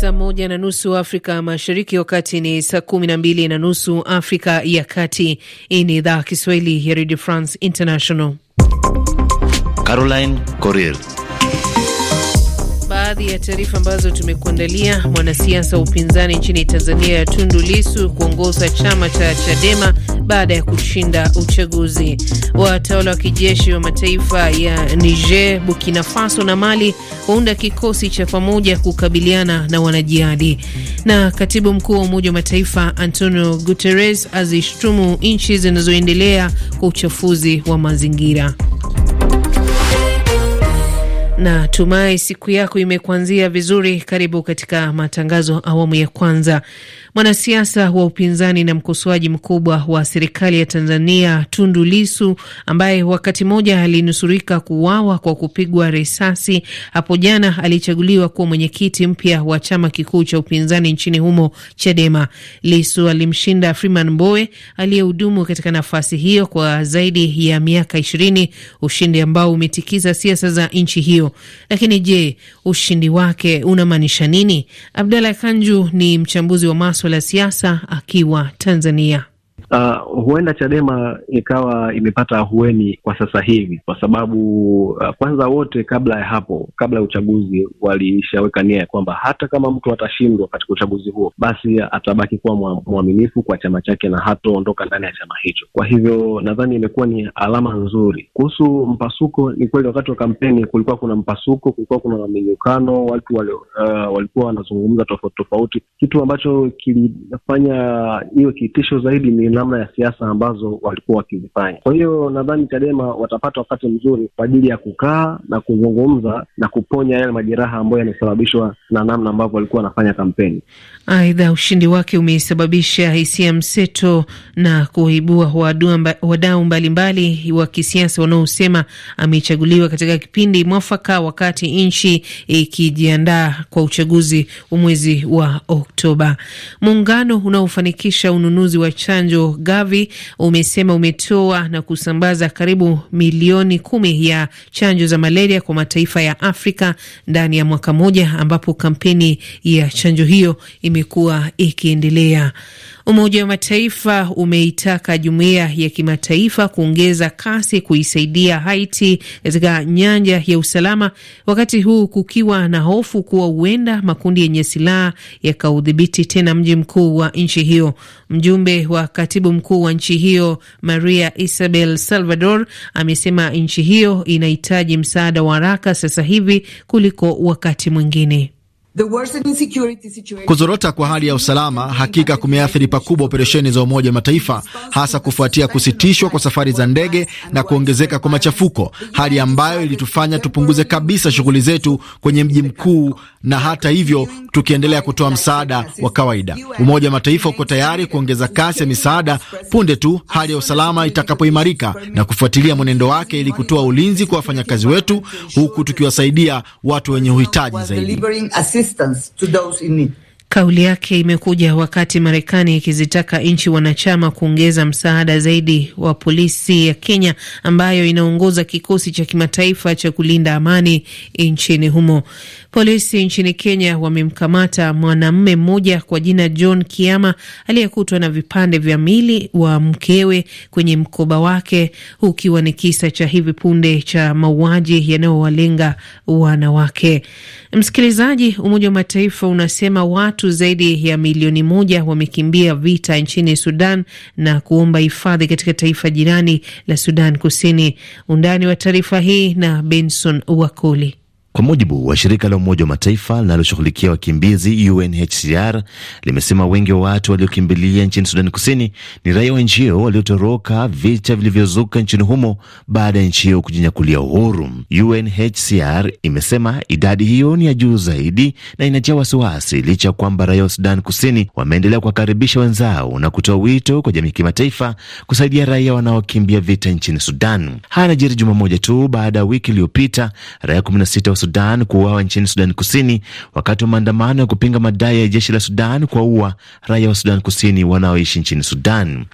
saa moja na nusu Afrika Mashariki, wakati ni saa kumi na mbili na nusu Afrika ya Kati. Hii ni idhaa Kiswahili ya Radio France International. Caroline Coril Baadhi ya taarifa ambazo tumekuandalia: mwanasiasa wa upinzani nchini Tanzania ya Tundu Lisu kuongoza chama cha Chadema baada ya kushinda uchaguzi. Watawala wa kijeshi wa mataifa ya Niger, Burkina Faso na Mali waunda kikosi cha pamoja kukabiliana na wanajihadi. Na katibu mkuu wa Umoja wa Mataifa Antonio Guterres azishtumu nchi zinazoendelea kwa uchafuzi wa mazingira. Na tumai siku yako imekuanzia vizuri. Karibu katika matangazo awamu ya kwanza. Mwanasiasa wa upinzani na mkosoaji mkubwa wa serikali ya Tanzania Tundu Lisu, ambaye wakati mmoja alinusurika kuuawa kwa kupigwa risasi, hapo jana alichaguliwa kuwa mwenyekiti mpya wa chama kikuu cha upinzani nchini humo Chadema. Lisu alimshinda Freeman Mbowe aliyehudumu katika nafasi hiyo kwa zaidi ya miaka ishirini, ushindi ambao umetikiza siasa za nchi hiyo. Lakini je, ushindi wake unamaanisha nini? Abdalla Kanju ni mchambuzi wa masu masuala ya siasa akiwa Tanzania. Uh, huenda Chadema ikawa imepata ahueni kwa sasa hivi kwa sababu uh, kwanza wote kabla ya hapo, kabla ya uchaguzi walishaweka nia ya kwamba hata kama mtu atashindwa katika uchaguzi huo, basi atabaki kuwa mwaminifu kwa chama chake na hatoondoka ndani ya chama hicho. Kwa hivyo nadhani imekuwa ni alama nzuri. Kuhusu mpasuko, ni kweli wakati wa kampeni kulikuwa kuna mpasuko, kulikuwa kuna minyukano, watu wali, uh, ah, walikuwa wanazungumza tofauti tofauti, kitu ambacho kilifanya iwe kitisho zaidi ni namna ya siasa ambazo walikuwa wakizifanya. Kwa hiyo nadhani Chadema watapata wakati mzuri kwa ajili ya kukaa na kuzungumza na kuponya yale majeraha ambayo yamesababishwa na namna ambavyo walikuwa wanafanya kampeni. Aidha, ushindi wake umesababisha hisia mseto na kuibua wadau mbalimbali wa kisiasa wanaosema amechaguliwa katika kipindi mwafaka, wakati nchi ikijiandaa kwa uchaguzi wa mwezi wa Oktoba. Muungano unaofanikisha ununuzi wa chanjo Gavi umesema umetoa na kusambaza karibu milioni kumi ya chanjo za malaria kwa mataifa ya Afrika ndani ya mwaka mmoja, ambapo kampeni ya chanjo hiyo imekuwa ikiendelea. Umoja wa Mataifa umeitaka jumuiya ya kimataifa kuongeza kasi kuisaidia Haiti katika nyanja ya usalama, wakati huu kukiwa na hofu kuwa huenda makundi yenye silaha yakaudhibiti tena mji mkuu wa nchi hiyo. Mjumbe wa katibu Katibu mkuu wa nchi hiyo Maria Isabel Salvador amesema nchi hiyo inahitaji msaada wa haraka sasa hivi kuliko wakati mwingine. Kuzorota kwa hali ya usalama hakika kumeathiri pakubwa operesheni za Umoja wa Mataifa, hasa kufuatia kusitishwa kwa safari za ndege na kuongezeka kwa machafuko, hali ambayo ilitufanya tupunguze kabisa shughuli zetu kwenye mji mkuu, na hata hivyo tukiendelea kutoa msaada wa kawaida. Umoja wa Mataifa uko tayari kuongeza kasi ya misaada punde tu hali ya usalama itakapoimarika na kufuatilia mwenendo wake, ili kutoa ulinzi kwa wafanyakazi wetu, huku tukiwasaidia watu wenye uhitaji zaidi. assistance to those in need. Kauli yake imekuja wakati Marekani ikizitaka nchi wanachama kuongeza msaada zaidi wa polisi ya Kenya ambayo inaongoza kikosi cha kimataifa cha kulinda amani nchini humo. Polisi nchini Kenya wamemkamata mwanamume mmoja kwa jina John Kiama aliyekutwa na vipande vya mili wa mkewe kwenye mkoba wake, ukiwa ni kisa cha hivi punde cha mauaji yanayowalenga wanawake. Msikilizaji, Umoja wa Mataifa unasema watu Watu zaidi ya milioni moja wamekimbia vita nchini Sudan na kuomba hifadhi katika taifa jirani la Sudan Kusini. Undani wa taarifa hii na Benson Wakoli. Kwa mujibu wa shirika la Umoja wa Mataifa linaloshughulikia wakimbizi UNHCR limesema wengi wa watu waliokimbilia nchini Sudani Kusini ni raia wa nchi hiyo waliotoroka vita vilivyozuka nchini humo baada ya nchi hiyo kujinyakulia uhuru. UNHCR imesema idadi hiyo ni ya juu zaidi na inatia wasiwasi, licha ya kwamba raia wa Sudani Kusini wameendelea kuwakaribisha wenzao na kutoa wito kwa jamii kimataifa kusaidia raia wanaokimbia vita nchini Sudan. Haya yanajiri juma moja tu baada ya wiki iliyopita raia 16 Sudan kuuawa nchini Sudan Kusini wakati wa maandamano ya kupinga madai ya jeshi la Sudan kuwaua raia wa Sudan Kusini wanaoishi nchini Sudan.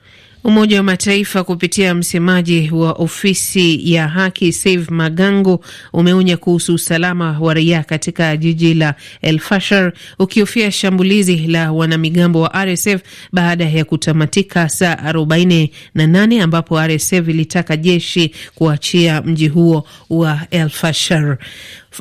Umoja wa Mataifa kupitia msemaji wa ofisi ya haki Save Magango umeonya kuhusu usalama wa raia katika jiji la El Fasher, ukihofia shambulizi la wanamigambo wa RSF baada ya kutamatika saa 48 ambapo RSF ilitaka jeshi kuachia mji huo wa El Fasher.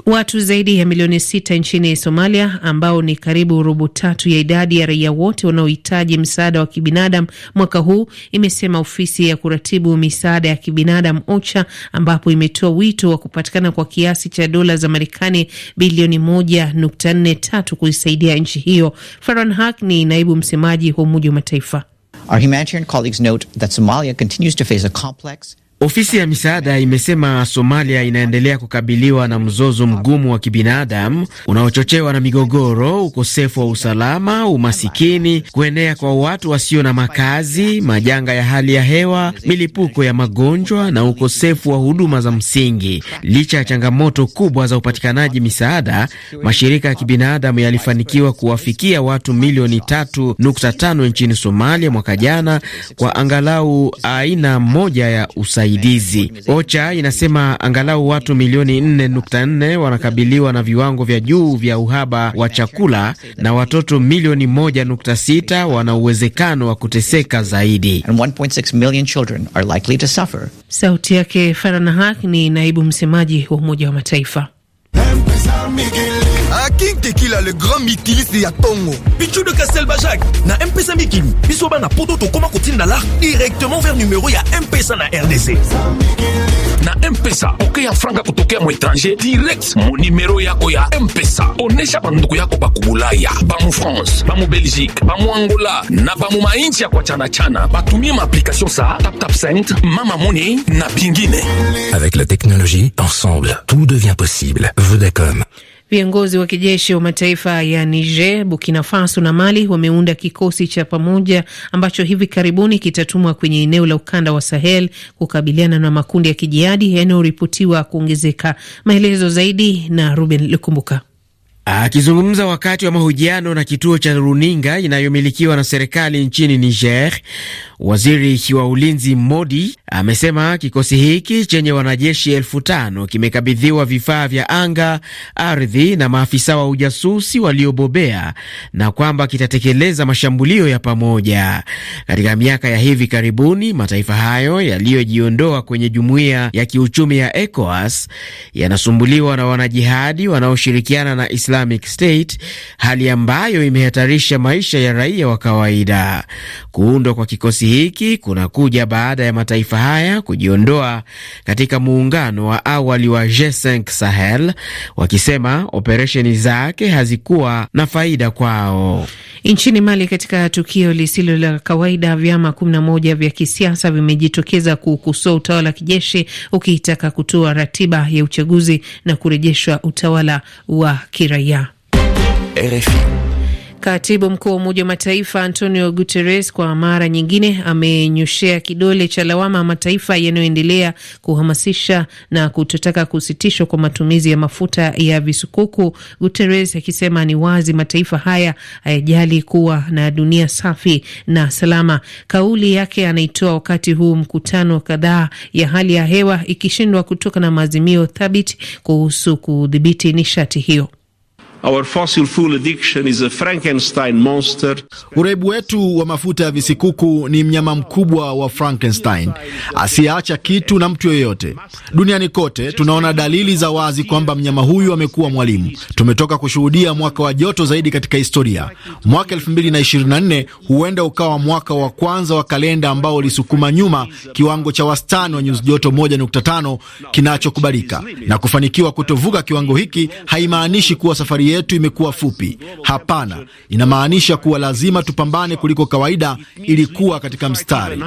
Watu zaidi ya milioni sita nchini Somalia, ambao ni karibu robo tatu ya idadi ya raia wote wanaohitaji msaada wa kibinadamu mwaka huu, imesema ofisi ya kuratibu misaada ya kibinadamu OCHA, ambapo imetoa wito wa kupatikana kwa kiasi cha dola za Marekani bilioni moja nukta nne tatu kuisaidia nchi hiyo. Faran ha ni naibu msemaji wa Umoja wa Mataifa. Our humanitarian colleagues note that Somalia continues to face a complex Ofisi ya misaada imesema Somalia inaendelea kukabiliwa na mzozo mgumu wa kibinadamu unaochochewa na migogoro, ukosefu wa usalama, umasikini, kuenea kwa watu wasio na makazi, majanga ya hali ya hewa, milipuko ya magonjwa na ukosefu wa huduma za msingi. Licha ya changamoto kubwa za upatikanaji misaada, mashirika ya kibinadamu yalifanikiwa kuwafikia watu milioni 3.5 nchini Somalia mwaka jana kwa angalau aina moja ya usaidizi usaidizi. OCHA inasema angalau watu milioni 4.4 wanakabiliwa na viwango vya juu vya uhaba wa chakula na watoto milioni 1.6 wana uwezekano wa kuteseka zaidi. Sauti yake Farhan Haq ni naibu msemaji wa Umoja wa Mataifa. king est le grand mikilisi ya Tongo. pichu de castel bajak na mpesa mikili biso bana poto na kotindala directement vers numéro ya mpesa na rdc na mpesa franca franga kotokea mo étranger direct mon mo numero yako ya mpesa onesha bandeko yako bakubulaya Bamou france bamou belgique bamou angola na bamo mainchi ya Batoumi ma application sa tap sent mama money na pingine. avec la technologie ensemble tout devient possible vodacom Viongozi wa kijeshi wa mataifa ya Niger, Burkina Faso na Mali wameunda kikosi cha pamoja ambacho hivi karibuni kitatumwa kwenye eneo la ukanda wa Sahel kukabiliana na makundi ya kijihadi yanayoripotiwa kuongezeka. Maelezo zaidi na Ruben Lukumbuka. Akizungumza wakati wa mahojiano na kituo cha runinga inayomilikiwa na serikali nchini Niger, waziri wa ulinzi Modi amesema kikosi hiki chenye wanajeshi elfu tano kimekabidhiwa vifaa vya anga, ardhi na maafisa wa ujasusi waliobobea na kwamba kitatekeleza mashambulio ya pamoja. Katika miaka ya hivi karibuni, mataifa hayo yaliyojiondoa kwenye jumuiya ya kiuchumi ya ECOWAS yanasumbuliwa na wanajihadi wanaoshirikiana na Islam Islamic State, hali ambayo imehatarisha maisha ya raia wa kawaida. Kuundwa kwa kikosi hiki kunakuja baada ya mataifa haya kujiondoa katika muungano wa awali wa G5 Sahel, wakisema operesheni zake hazikuwa na faida kwao. Nchini Mali, katika tukio lisilo la kawaida, vyama kumi na moja vya kisiasa vimejitokeza kukosoa utawala wa kijeshi ukitaka kutoa ratiba ya uchaguzi na kurejeshwa utawala wa kiraia. RFI Katibu mkuu wa Umoja wa Mataifa Antonio Guterres kwa mara nyingine amenyoshea kidole cha lawama mataifa yanayoendelea kuhamasisha na kutotaka kusitishwa kwa matumizi ya mafuta ya visukuku, Guterres akisema ni wazi mataifa haya hayajali kuwa na dunia safi na salama. Kauli yake anaitoa wakati huu mkutano kadhaa ya hali ya hewa ikishindwa kutoka na maazimio thabiti kuhusu kudhibiti nishati hiyo. Our fossil fuel addiction is a Frankenstein monster. Uraibu wetu wa mafuta ya visikuku ni mnyama mkubwa wa Frankenstein asiyeacha kitu na mtu yoyote. Duniani kote tunaona dalili za wazi kwamba mnyama huyu amekuwa mwalimu. Tumetoka kushuhudia mwaka wa joto zaidi katika historia. Mwaka 2024 huenda ukawa mwaka wa kwanza wa kalenda ambao ulisukuma nyuma kiwango cha wastani wa nyuzi joto 1.5 kinachokubalika, na kufanikiwa kutovuka kiwango hiki haimaanishi kuwa safari yetu imekuwa fupi. Hapana, inamaanisha kuwa lazima tupambane kuliko kawaida ili kuwa katika mstari.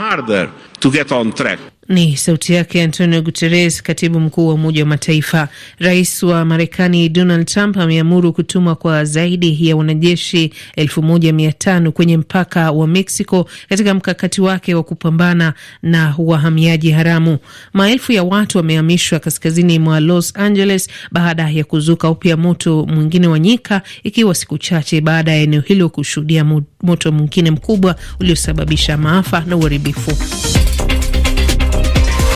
Ni sauti yake Antonio Guterres, katibu mkuu wa Umoja wa Mataifa. Rais wa Marekani Donald Trump ameamuru kutumwa kwa zaidi ya wanajeshi elfu moja mia tano kwenye mpaka wa Mexico katika mkakati wake wa kupambana na wahamiaji haramu. Maelfu ya watu wamehamishwa kaskazini mwa Los Angeles baada ya kuzuka upya moto mwingine wa nyika, ikiwa siku chache baada ya eneo hilo kushuhudia moto mwingine mkubwa uliosababisha maafa na uharibifu.